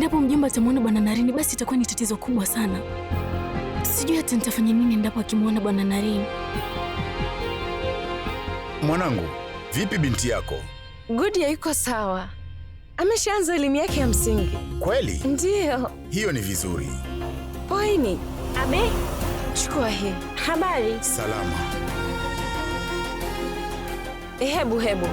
Endapo mjomba atamwona bwana narini basi itakuwa ni tatizo kubwa sana. Sijui hata nitafanya nini endapo akimwona bwana Narini. Mwanangu, vipi binti yako? Gudi yuko sawa, ameshaanza elimu yake ya msingi. Kweli? Ndiyo. Hiyo ni vizuri. Poini abe, chukua hii. Habari? Salama. Hebu hebu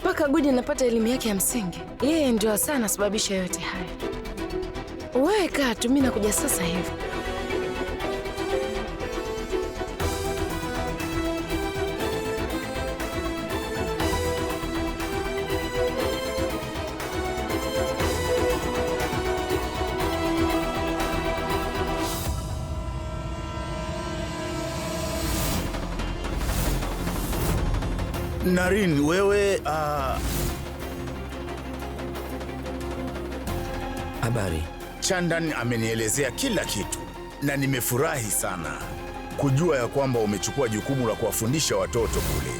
Mpaka Gudi anapata elimu yake ya msingi, yeye ndio sana sababisha yote haya. Wewe kaa tu, mimi nakuja sasa hivi. Narin, wewe uh... Habari. Chandan amenielezea kila kitu na nimefurahi sana kujua ya kwamba umechukua jukumu la kuwafundisha watoto kule.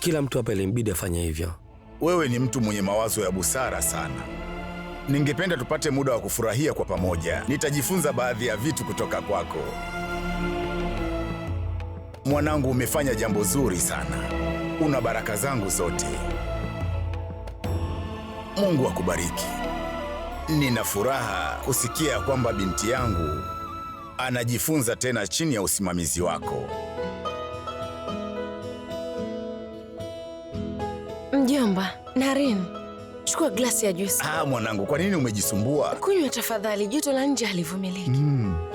Kila mtu hapa ilimbidi afanye hivyo. Wewe ni mtu mwenye mawazo ya busara sana. Ningependa tupate muda wa kufurahia kwa pamoja. Nitajifunza baadhi ya vitu kutoka kwako. Mwanangu, umefanya jambo zuri sana, una baraka zangu zote. Mungu akubariki. Nina furaha kusikia kwamba binti yangu anajifunza tena chini ya usimamizi wako. Mjomba Naren, chukua glasi ya juisi. Ah, mwanangu, kwa nini umejisumbua? Kunywa tafadhali, joto la nje halivumiliki. Mm.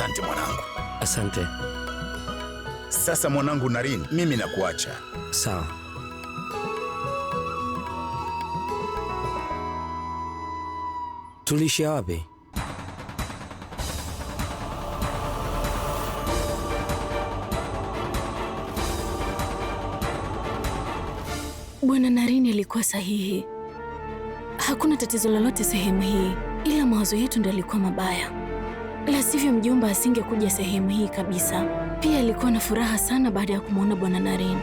Asante mwanangu. Asante. Sasa mwanangu Naren, mimi nakuacha. Sawa. Tulishia wapi? Bwana Naren alikuwa sahihi. Hakuna tatizo lolote sehemu hii, ila mawazo yetu ndio yalikuwa mabaya la sivyo mjomba asingekuja sehemu hii kabisa. Pia alikuwa na furaha sana baada ya kumwona Bwana Naren.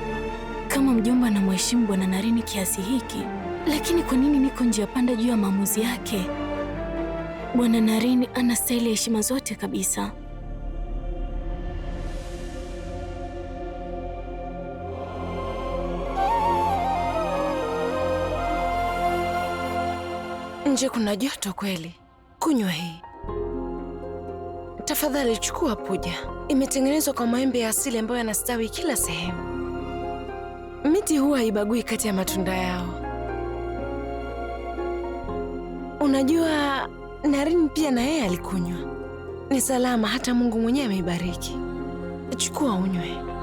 Kama mjomba anamheshimu Bwana Naren kiasi hiki, lakini kwa nini niko njia panda juu ya maamuzi yake? Bwana Naren anastahili heshima zote kabisa. Nje kuna joto kweli, kunywa hii. Tafadhali chukua puja. Imetengenezwa kwa maembe ya asili ambayo yanastawi kila sehemu. Miti huwa haibagui kati ya matunda yao. Unajua, Naren pia na yeye alikunywa. Ni salama, hata Mungu mwenyewe ameibariki. Chukua unywe.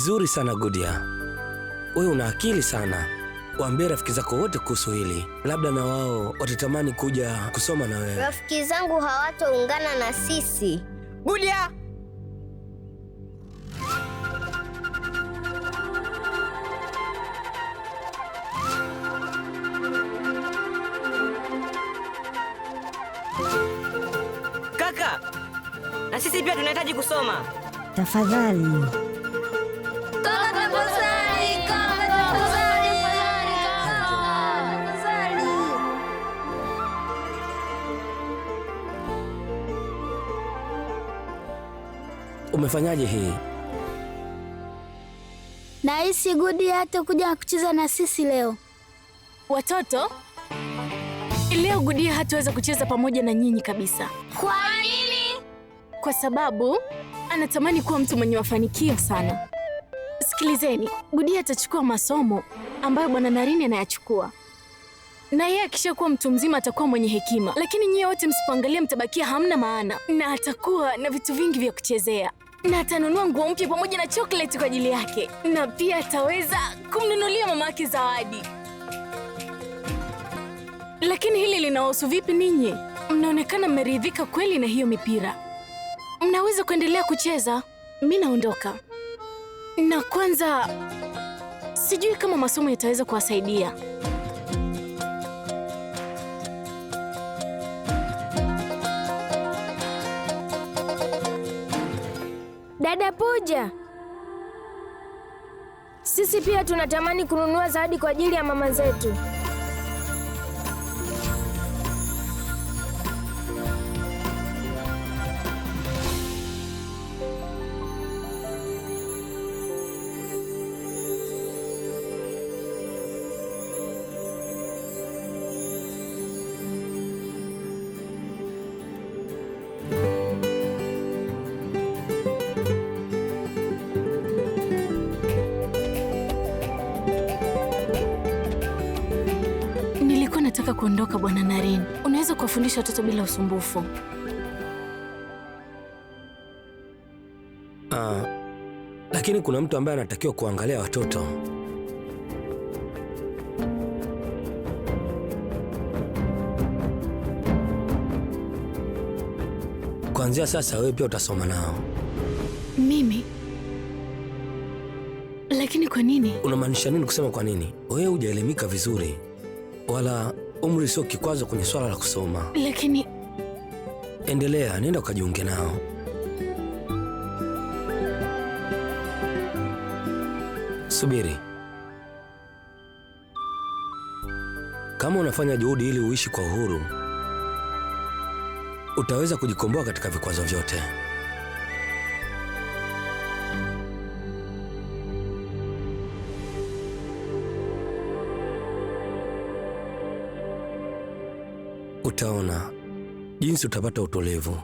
Vizuri sana Gudia, wewe una akili sana. Waambie rafiki zako wote kuhusu hili, labda na wao watatamani kuja kusoma na wewe. Rafiki zangu hawataungana na sisi Gudia. Kaka, na sisi pia tunahitaji kusoma. Tafadhali. umefanyaje hii? Nahisi Gudi hata kuja kucheza na sisi leo. Watoto, leo Gudia hataweza kucheza pamoja na nyinyi kabisa. Kwa nini? Kwa sababu anatamani kuwa mtu mwenye mafanikio sana. Sikilizeni, Gudia atachukua masomo ambayo Bwana Narini anayachukua, na yeye akishakuwa mtu mzima atakuwa mwenye hekima, lakini nyie wote msipoangalia mtabakia hamna maana, na atakuwa na vitu vingi vya kuchezea na atanunua nguo mpya pamoja na chokleti kwa ajili yake, na pia ataweza kumnunulia mama yake zawadi. Lakini hili linawahusu vipi ninyi? Mnaonekana mmeridhika kweli na hiyo mipira. Mnaweza kuendelea kucheza, mi naondoka. Na kwanza, sijui kama masomo yataweza kuwasaidia. Dada puja sisi pia tunatamani kununua zawadi kwa ajili ya mama zetu. kuwafundisha watoto bila usumbufu. Uh, lakini kuna mtu ambaye anatakiwa kuangalia watoto. Kuanzia sasa wewe pia utasoma nao. Mimi? Lakini kwa nini? Unamaanisha nini kusema kwa nini? Wewe hujaelimika vizuri wala umri sio kikwazo kwenye swala la kusoma. Lakini endelea, nenda ukajiunge nao. Subiri, kama unafanya juhudi ili uishi kwa uhuru, utaweza kujikomboa katika vikwazo vyote. utaona jinsi utapata utulivu.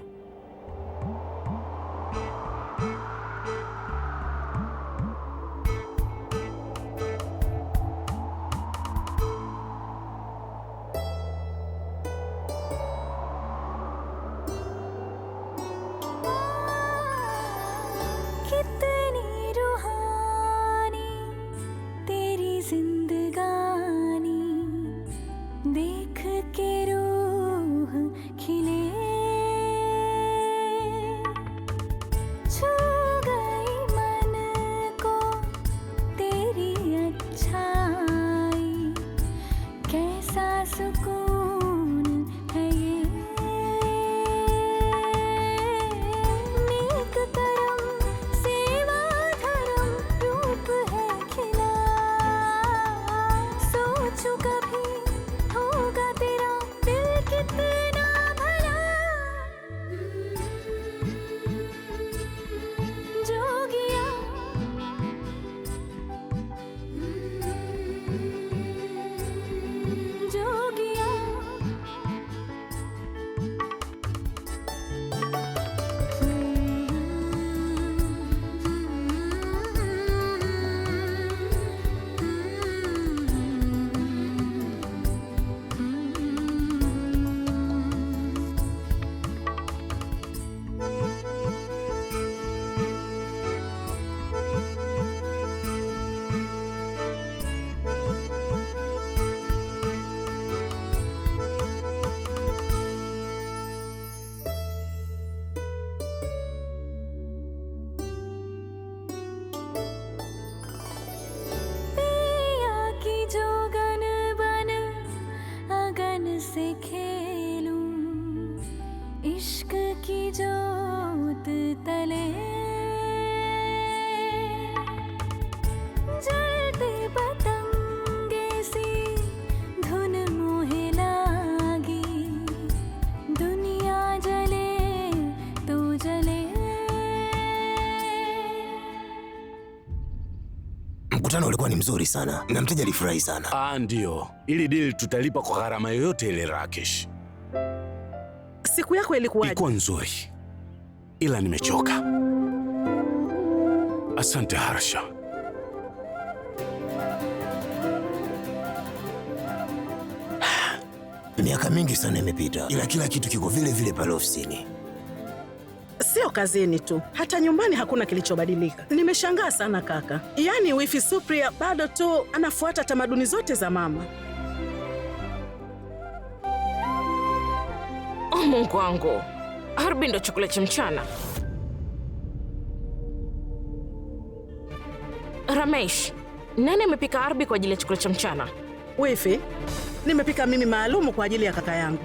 Mkutano ulikuwa ni mzuri sana na mteja alifurahi sana. Ah, ndio, ili dili tutalipa kwa gharama yoyote ile. Rakesh, siku yako ilikuwa Ilikuwa nzuri, ila nimechoka. Asante Harsha. Miaka mingi sana imepita, ila kila kitu kiko vile vile pale ofisini. Sio kazini tu, hata nyumbani hakuna kilichobadilika. Nimeshangaa sana kaka, yaani wifi Supriya bado tu anafuata tamaduni zote za mama. Oh, Mungu wangu, Arbi ndo chakula cha mchana. Ramesh, nani amepika Arbi kwa ajili ya chakula cha mchana? Wifi, nimepika mimi maalumu kwa ajili ya kaka yangu.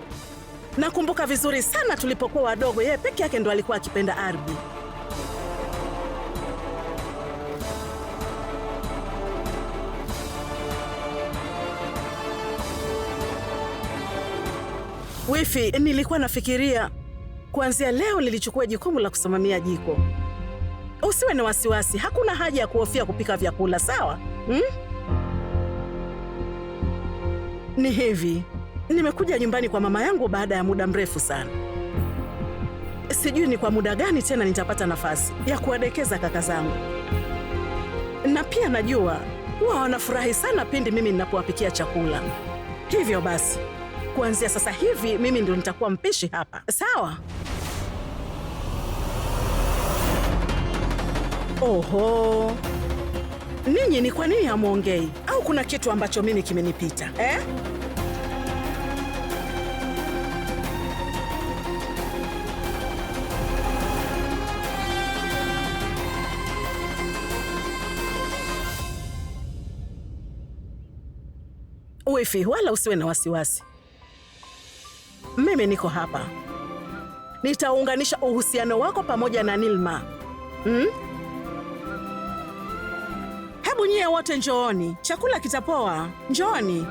Nakumbuka vizuri sana tulipokuwa wadogo, yeye peke yake ndo alikuwa akipenda ardhi. Wifi, nilikuwa nafikiria kuanzia leo nilichukua jukumu la kusimamia jiko. Usiwe na wasiwasi, hakuna haja ya kuhofia kupika vyakula, sawa? Hmm? Ni hivi, Nimekuja nyumbani kwa mama yangu baada ya muda mrefu sana. Sijui ni kwa muda gani tena nitapata nafasi ya kuwadekeza kaka zangu, na pia najua huwa wanafurahi sana pindi mimi ninapowapikia chakula. Hivyo basi, kuanzia sasa hivi mimi ndio nitakuwa mpishi hapa, sawa? Oho, ninyi ni kwa nini hamwongei? Au kuna kitu ambacho mimi kimenipita eh? Wifi, wala usiwe na wasiwasi, mimi niko hapa. Nitaunganisha uhusiano wako pamoja na Nilma hmm? Hebu nyie wote njooni, chakula kitapoa. Njooni.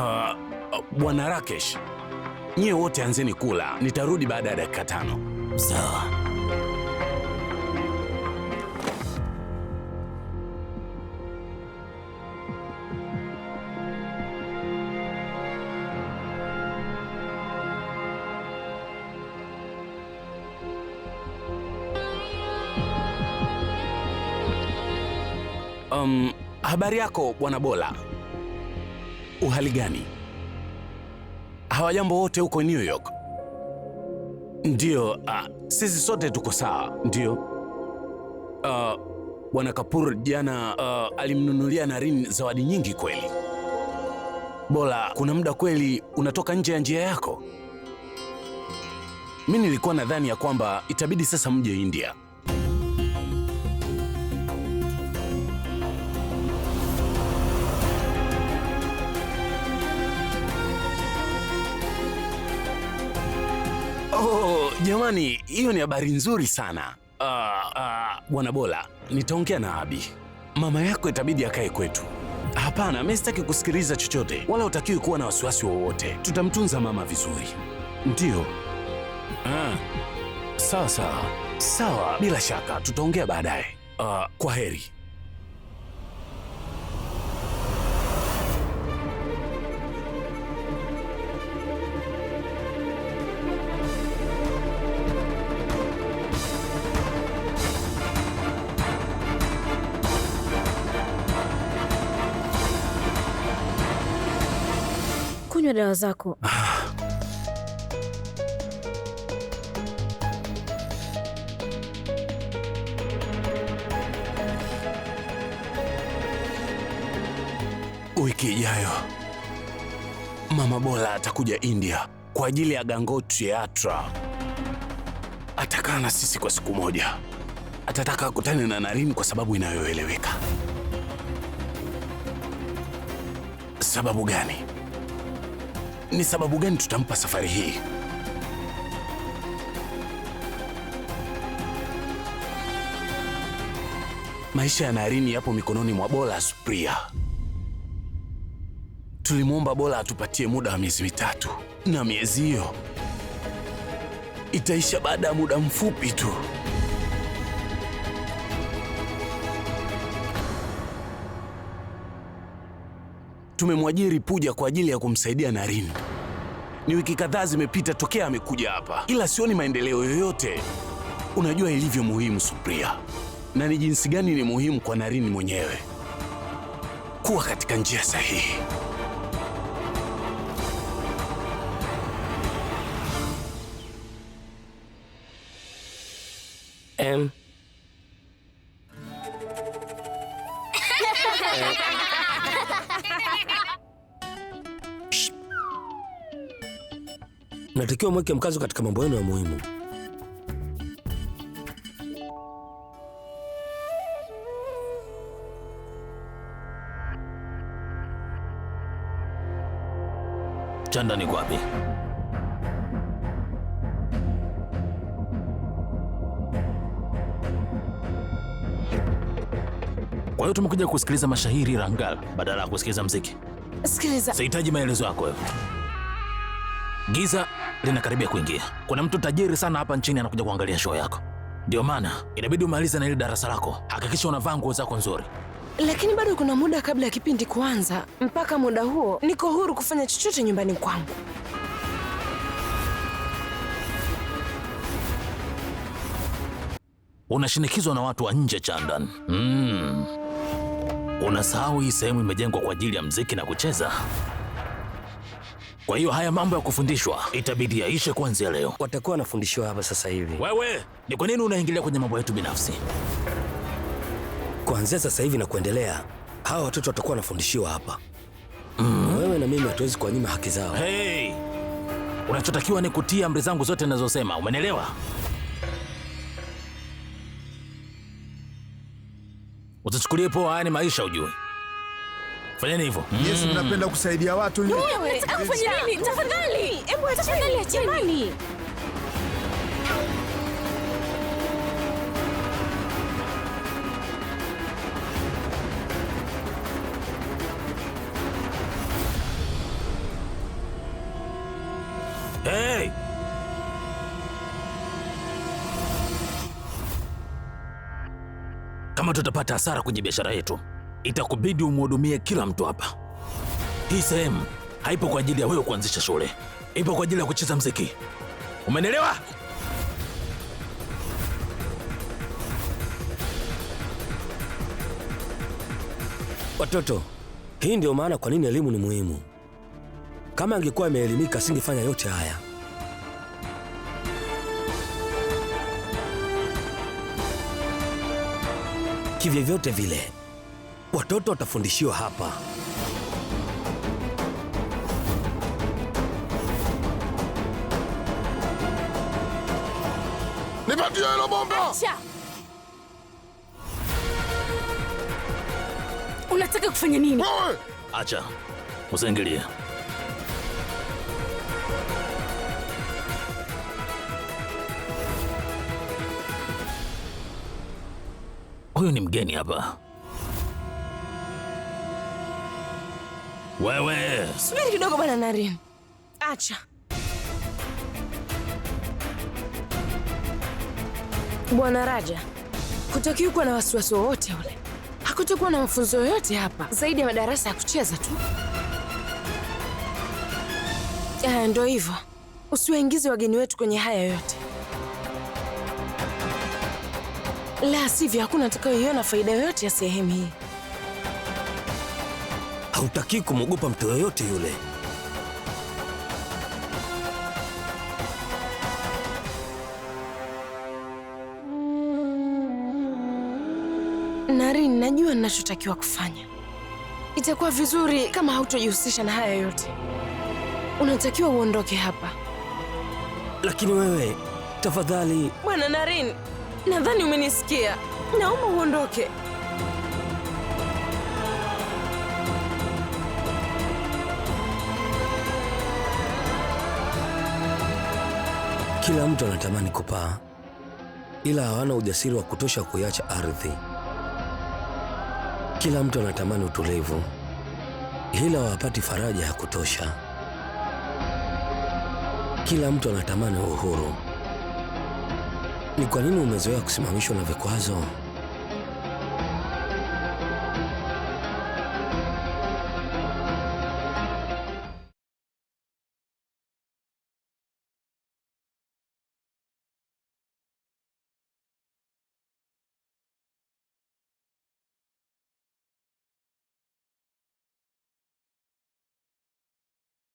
Uh, uh, Bwana uh, Rakesh, nyie wote anzeni kula, nitarudi baada ya dakika tano. Sawa. Um, habari yako Bwana Bola? uhali gani? Hawajambo wote huko New York? Ndiyo. Uh, ah, sisi sote tuko sawa, ndiyo. Uh, ah, Bwana Kapur jana uh, alimnunulia Naren zawadi nyingi kweli. bola kuna muda kweli unatoka nje ya njia yako. Mimi nilikuwa nadhani ya kwamba itabidi sasa mje India. Oh, jamani, hiyo ni habari nzuri sana. Ah, ah, Bwana uh, uh, Bola, nitaongea na Abi. Mama yako itabidi akae kwetu. Hapana, mimi sitaki kusikiliza chochote, wala utakiwi kuwa na wasiwasi wowote. Tutamtunza mama vizuri, ndio Ah, sawa sawa sawa, bila shaka tutaongea baadaye. Uh, kwa heri. Kunywa dawa zako. Wiki ijayo Mama Bola atakuja India kwa ajili ya Gangotri Yatra. Atakaa na sisi kwa siku moja. Atataka akutane na Naren kwa sababu inayoeleweka. Sababu gani? Ni sababu gani tutampa safari hii? Maisha ya narini yapo mikononi mwa Bola Supriya. Tulimwomba Bola atupatie muda wa miezi mitatu, na miezi hiyo itaisha baada ya muda mfupi tu. Tumemwajiri Puja kwa ajili ya kumsaidia Naren. Ni wiki kadhaa zimepita tokea amekuja hapa, ila sioni maendeleo yoyote. Unajua ilivyo muhimu Supriya, na ni jinsi gani ni muhimu kwa Naren mwenyewe kuwa katika njia sahihi. M. mnatakiwa mweke mkazo katika mambo yenu ya muhimu. Chanda ni kwapi? Kwa hiyo tumekuja kusikiliza mashahiri Rangal badala ya kusikiliza mziki. Sikiliza. Sihitaji maelezo yako wewe. Giza linakaribia kuingia. Kuna mtu tajiri sana hapa nchini anakuja kuangalia show yako, ndio maana inabidi umalize na ile darasa lako. Hakikisha unavaa nguo zako nzuri. Lakini bado kuna muda kabla ya kipindi kuanza. Mpaka muda huo niko huru kufanya chochote nyumbani kwangu. Unashinikizwa na watu wa nje, Chandan. Mm. Unasahau hii sehemu imejengwa kwa ajili ya mziki na kucheza. Kwa hiyo haya mambo ya kufundishwa itabidi yaishe kuanzia leo. Watakuwa wanafundishwa hapa sasa hivi. Wewe ni kwa nini unaingilia kwenye mambo yetu binafsi? Kuanzia sasa hivi na kuendelea, hawa watoto watakuwa wanafundishiwa hapa mm. Wewe na mimi hatuwezi kuwanyima haki zao. Hey, unachotakiwa ni kutia amri zangu zote ninazosema, umenielewa? Utachukulie poa, haya ni maisha, ujue. Fanyeni hivyo. Yes, mm. mnapenda kusaidia watu Tafadhali. Hebu tafadhali Kama tutapata hasara kwenye biashara yetu itakubidi umhudumie kila mtu hapa. Hii sehemu haipo kwa ajili ya wewe kuanzisha shule, ipo kwa ajili ya kucheza mziki. Umenelewa? Watoto, hii ndio maana kwa nini elimu ni muhimu. Kama angekuwa ameelimika asingefanya yote haya. Kivyovyote vile Watoto watafundishiwa hapa. Nipatie hilo bomba! Acha! Unataka kufanya nini? Wewe! Acha. Usiingilie. Huyu ni mgeni hapa. Wewe subiri kidogo bwana Naren, acha bwana Raja, hutakiwi kuwa na wasiwasi wowote ule. Hakutakuwa na mafunzo yoyote hapa zaidi ya madarasa ya kucheza tu. Aya, ndo hivyo, usiwaingize wageni wetu kwenye haya yote, la sivyo hakuna atakayoiona faida yoyote ya sehemu hii hautaki kumwogopa mtu yoyote yule. Naren, najua ninachotakiwa kufanya. Itakuwa vizuri kama hautojihusisha na haya yote. Unatakiwa uondoke hapa. Lakini wewe, tafadhali. Bwana Naren, nadhani umenisikia. Naomba uondoke. Kila mtu anatamani kupaa, ila hawana ujasiri wa kutosha kuiacha ardhi. Kila mtu anatamani utulivu, ila hawapati faraja ya kutosha. Kila mtu anatamani uhuru. Ni kwa nini umezoea kusimamishwa na vikwazo?